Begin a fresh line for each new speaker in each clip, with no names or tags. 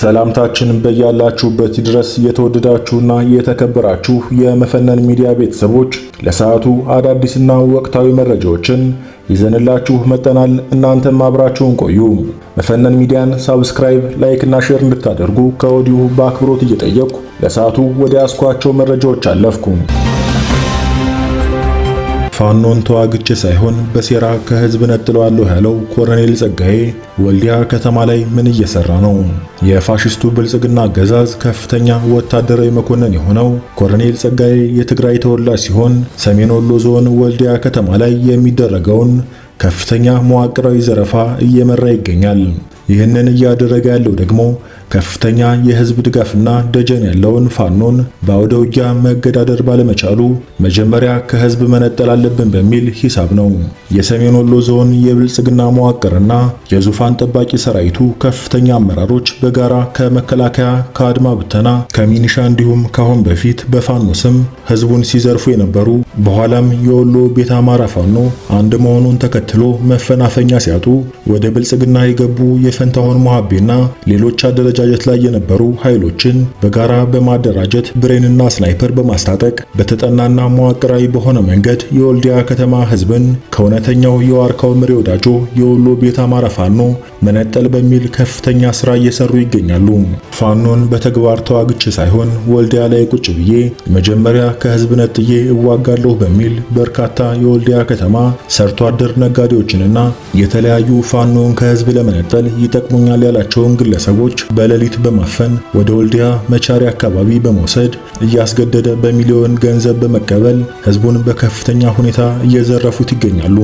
ሰላምታችን በያላችሁበት ድረስ የተወደዳችሁና የተከበራችሁ የመፈነን ሚዲያ ቤተሰቦች ለሰዓቱ አዳዲስና ወቅታዊ መረጃዎችን ይዘንላችሁ መጠናል። እናንተም አብራችሁን ቆዩ። መፈነን ሚዲያን ሳብስክራይብ፣ ላይክ እና ሼር እንድታደርጉ ከወዲሁ በአክብሮት እየጠየቅኩ ለሰዓቱ ወደ ያስኳቸው መረጃዎች አለፍኩ። ፋኖን ተዋግቼ ሳይሆን በሴራ ከህዝብ ነጥለዋለሁ ያለው ኮሎኔል ጸጋዬ ወልዲያ ከተማ ላይ ምን እየሰራ ነው? የፋሽስቱ ብልጽግና አገዛዝ ከፍተኛ ወታደራዊ መኮንን የሆነው ኮሎኔል ጸጋዬ የትግራይ ተወላጅ ሲሆን ሰሜን ወሎ ዞን ወልዲያ ከተማ ላይ የሚደረገውን ከፍተኛ መዋቅራዊ ዘረፋ እየመራ ይገኛል። ይህንን እያደረገ ያለው ደግሞ ከፍተኛ የህዝብ ድጋፍና ደጀን ያለውን ፋኖን በአውደ ውጊያ መገዳደር ባለመቻሉ መጀመሪያ ከህዝብ መነጠል አለብን በሚል ሂሳብ ነው። የሰሜን ወሎ ዞን የብልጽግና መዋቅርና የዙፋን ጠባቂ ሰራዊቱ ከፍተኛ አመራሮች በጋራ ከመከላከያ ከአድማ ብተና ከሚኒሻ እንዲሁም ካሁን በፊት በፋኖ ስም ህዝቡን ሲዘርፉ የነበሩ በኋላም የወሎ ቤተ አማራ ፋኖ አንድ መሆኑን ተከትሎ መፈናፈኛ ሲያጡ ወደ ብልጽግና የገቡ የፈንታሆን ሞሐቤና ሌሎች አደረ አደረጃጀት ላይ የነበሩ ኃይሎችን በጋራ በማደራጀት ብሬንና ስናይፐር በማስታጠቅ በተጠናና መዋቅራዊ በሆነ መንገድ የወልዲያ ከተማ ህዝብን ከእውነተኛው የዋርካው ምሬ ወዳጆ የወሎ ቤት አማራ ፋኖ መነጠል በሚል ከፍተኛ ስራ እየሰሩ ይገኛሉ። ፋኖን በተግባር ተዋግቼ ሳይሆን ወልዲያ ላይ ቁጭ ብዬ መጀመሪያ ከህዝብ ነጥዬ እዋጋለሁ በሚል በርካታ የወልዲያ ከተማ ሰርቶ አደር ነጋዴዎችንና የተለያዩ ፋኖን ከህዝብ ለመነጠል ይጠቅሙኛል ያላቸውን ግለሰቦች በ በሌሊት በማፈን ወደ ወልዲያ መቻሪ አካባቢ በመውሰድ እያስገደደ በሚሊዮን ገንዘብ በመቀበል ህዝቡን በከፍተኛ ሁኔታ እየዘረፉት ይገኛሉ።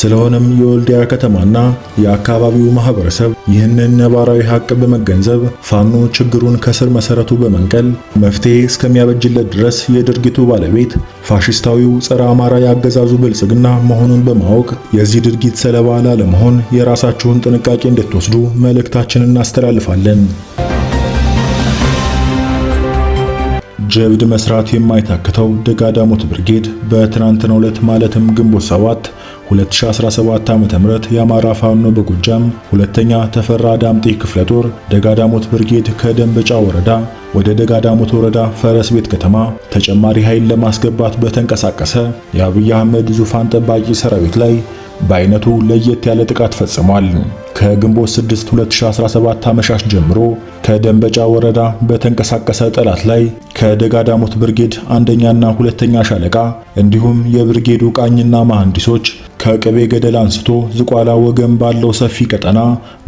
ስለሆነም የወልዲያ ከተማና የአካባቢው ማህበረሰብ ይህንን ነባራዊ ሀቅ በመገንዘብ ፋኖ ችግሩን ከስር መሰረቱ በመንቀል መፍትሄ እስከሚያበጅለት ድረስ የድርጊቱ ባለቤት ፋሽስታዊው ጸረ አማራ ያገዛዙ ብልጽግና መሆኑን በማወቅ የዚህ ድርጊት ሰለባ ላለመሆን የራሳችሁን ጥንቃቄ እንድትወስዱ መልእክታችንን እናስተላልፋለን። ጀብድ መስራት የማይታክተው ደጋዳሞት ብርጌድ በትናንትናው ዕለት ማለትም ግንቦት 7 2017 ዓ.ም የአማራ ፋኖ በጎጃም ሁለተኛ ተፈራ ዳምጤ ክፍለ ጦር ደጋዳሞት ብርጌድ ከደንበጫ ወረዳ ወደ ደጋዳሞት ወረዳ ፈረስ ቤት ከተማ ተጨማሪ ኃይል ለማስገባት በተንቀሳቀሰ የአብይ አህመድ ዙፋን ጠባቂ ሰራዊት ላይ በአይነቱ ለየት ያለ ጥቃት ፈጽሟል። ከግንቦት 6 2017 አመሻሽ ጀምሮ ከደንበጫ ወረዳ በተንቀሳቀሰ ጠላት ላይ ከደጋዳሞት ብርጌድ አንደኛና ሁለተኛ ሻለቃ እንዲሁም የብርጌዱ ቃኝና መሐንዲሶች ከቅቤ ገደል አንስቶ ዝቋላ ወገን ባለው ሰፊ ቀጠና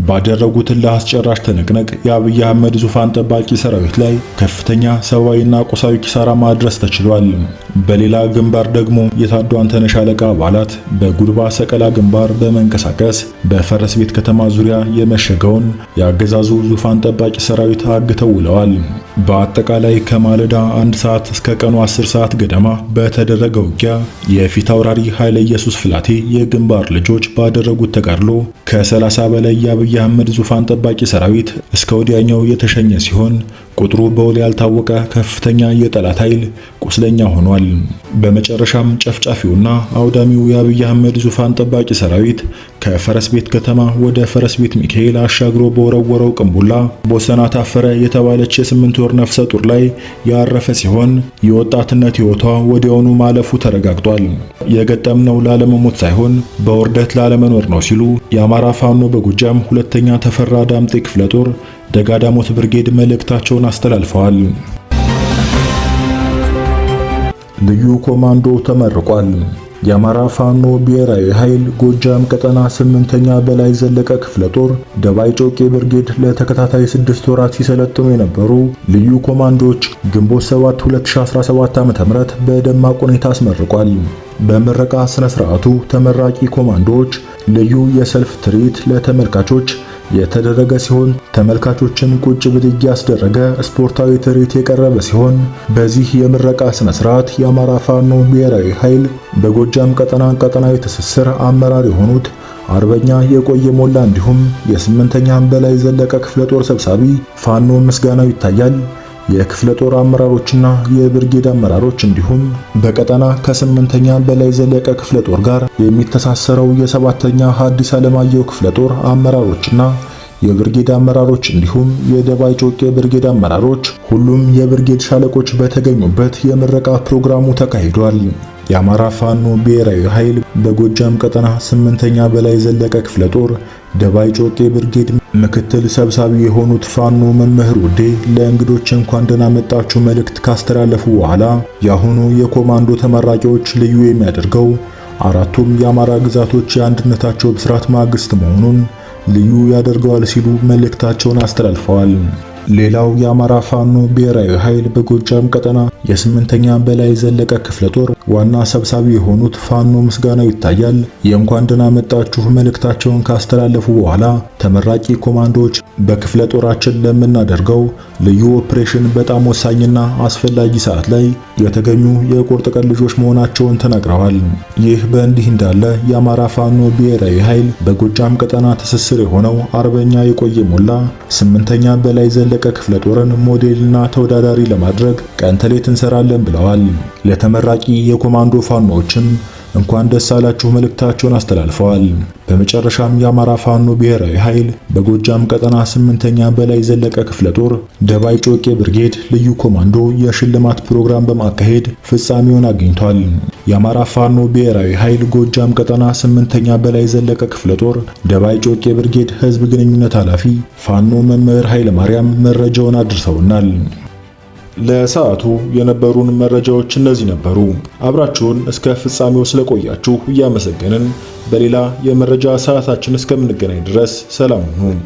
ባደረጉት እልህ አስጨራሽ ትንቅንቅ የአብይ አህመድ ዙፋን ጠባቂ ሰራዊት ላይ ከፍተኛ ሰብአዊና ቁሳዊ ኪሳራ ማድረስ ተችሏል። በሌላ ግንባር ደግሞ የታዱ አንተነህ ሻለቃ አባላት በጉድባ ሰቀላ ግንባር በመንቀሳቀስ በፈረስ ቤት ከተማ ዙሪያ የመሸገውን የአገዛዙ ዙፋን ጠባቂ ሰራዊት አግተው ውለዋል። በአጠቃላይ ከማለዳ አንድ ሰዓት እስከ ቀኑ 10 ሰዓት ገደማ በተደረገ ውጊያ የፊት አውራሪ ኃይለ ኢየሱስ ፍላቴ የግንባር ልጆች ባደረጉት ተጋድሎ ከ30 በላይ የአብይ አህመድ ዙፋን ጠባቂ ሰራዊት እስከ ወዲያኛው የተሸኘ ሲሆን ቁጥሩ በውል ያልታወቀ ከፍተኛ የጠላት ኃይል ቁስለኛ ሆኗል። በመጨረሻም ጨፍጫፊውና አውዳሚው የአብይ አህመድ ዙፋን ጠባቂ ሰራዊት ከፈረስ ቤት ከተማ ወደ ፈረስ ቤት ሚካኤል አሻግሮ በወረወረው ቅንቡላ ቦሰና ታፈረ የተባለች የስምንት ወር ነፍሰ ጡር ላይ ያረፈ ሲሆን የወጣትነት ሕይወቷ ወዲያውኑ ማለፉ ተረጋግጧል። የገጠምነው ላለመሞት ሳይሆን በውርደት ላለመኖር ነው ሲሉ የአማራ ፋኖ በጎጃም ሁለተኛ ተፈራ ዳምጤ ክፍለ ጦር ደጋዳሞት ብርጌድ መልእክታቸውን አስተላልፈዋል። ልዩ ኮማንዶ ተመርቋል። የአማራ ፋኖ ብሔራዊ ኃይል ጎጃም ቀጠና ስምንተኛ በላይ ዘለቀ ክፍለ ጦር ደባይ ጮቄ ብርጌድ ለተከታታይ ስድስት ወራት ሲሰለጥኑ የነበሩ ልዩ ኮማንዶዎች ግንቦት 7 2017 ዓ.ም በደማቅ ሁኔታ አስመርቋል። በምረቃ ስነ ስርዓቱ ተመራቂ ኮማንዶዎች ልዩ የሰልፍ ትርኢት ለተመልካቾች የተደረገ ሲሆን ተመልካቾችን ቁጭ ብድግ ያስደረገ ስፖርታዊ ትርኢት የቀረበ ሲሆን በዚህ የምረቃ ስነ ስርዓት የአማራ ፋኖ ብሔራዊ ኃይል በጎጃም ቀጠና ቀጠናዊ ትስስር አመራር የሆኑት አርበኛ የቆየ ሞላ እንዲሁም የስምንተኛ በላይ ዘለቀ ክፍለ ጦር ሰብሳቢ ፋኖ ምስጋናው ይታያል የክፍለ ጦር አመራሮችና የብርጌድ አመራሮች እንዲሁም በቀጠና ከስምንተኛ በላይ ዘለቀ ክፍለ ጦር ጋር የሚተሳሰረው የሰባተኛ ሐዲስ ዓለማየሁ ክፍለ ጦር አመራሮችና የብርጌድ አመራሮች እንዲሁም የደባይ ጮቄ ብርጌድ አመራሮች ሁሉም የብርጌድ ሻለቆች በተገኙበት የምረቃ ፕሮግራሙ ተካሂዷል። የአማራ ፋኖ ብሔራዊ ኃይል በጎጃም ቀጠና ስምንተኛ በላይ ዘለቀ ክፍለ ጦር ደባይ ጮቄ ብርጌድ ምክትል ሰብሳቢ የሆኑት ፋኖ መምህር ውዴ ለእንግዶች እንኳን ደህና መጣችሁ መልእክት ካስተላለፉ በኋላ የአሁኑ የኮማንዶ ተመራቂዎች ልዩ የሚያደርገው አራቱም የአማራ ግዛቶች የአንድነታቸው ብስራት ማግስት መሆኑን ልዩ ያደርገዋል ሲሉ መልእክታቸውን አስተላልፈዋል። ሌላው የአማራ ፋኖ ብሔራዊ ኃይል በጎጃም ቀጠና የስምንተኛ በላይ ዘለቀ ክፍለ ጦር ዋና ሰብሳቢ የሆኑት ፋኖ ምስጋናው ይታያል የእንኳን ደህና መጣችሁ መልእክታቸውን ካስተላለፉ በኋላ ተመራቂ ኮማንዶዎች በክፍለ ጦራችን ለምናደርገው ልዩ ኦፕሬሽን በጣም ወሳኝና አስፈላጊ ሰዓት ላይ የተገኙ የቁርጥ ቀን ልጆች መሆናቸውን ተናግረዋል። ይህ በእንዲህ እንዳለ የአማራ ፋኖ ብሔራዊ ኃይል በጎጃም ቀጠና ትስስር የሆነው አርበኛ የቆየ ሞላ ስምንተኛ በላይ ዘለቀ ክፍለ ጦርን ሞዴልና ተወዳዳሪ ለማድረግ ቀንተሌት እንሰራለን ብለዋል። ለተመራቂ የኮማንዶ ፋኖዎችም እንኳን ደስ አላችሁ መልእክታቸውን አስተላልፈዋል። በመጨረሻም የአማራ ፋኖ ብሔራዊ ኃይል በጎጃም ቀጠና ስምንተኛ በላይ ዘለቀ ክፍለ ጦር ደባይ ጮቄ ብርጌድ ልዩ ኮማንዶ የሽልማት ፕሮግራም በማካሄድ ፍጻሜውን አግኝቷል። የአማራ ፋኖ ብሔራዊ ኃይል ጎጃም ቀጠና ስምንተኛ በላይ ዘለቀ ክፍለ ጦር ደባይ ጮቄ ብርጌድ ህዝብ ግንኙነት ኃላፊ ፋኖ መምህር ኃይለ ማርያም መረጃውን አድርሰውናል። ለሰዓቱ የነበሩን መረጃዎች እነዚህ ነበሩ። አብራችሁን እስከ ፍጻሜው ስለቆያችሁ እያመሰገንን በሌላ የመረጃ ሰዓታችን እስከምንገናኝ ድረስ ሰላም ሁኑ።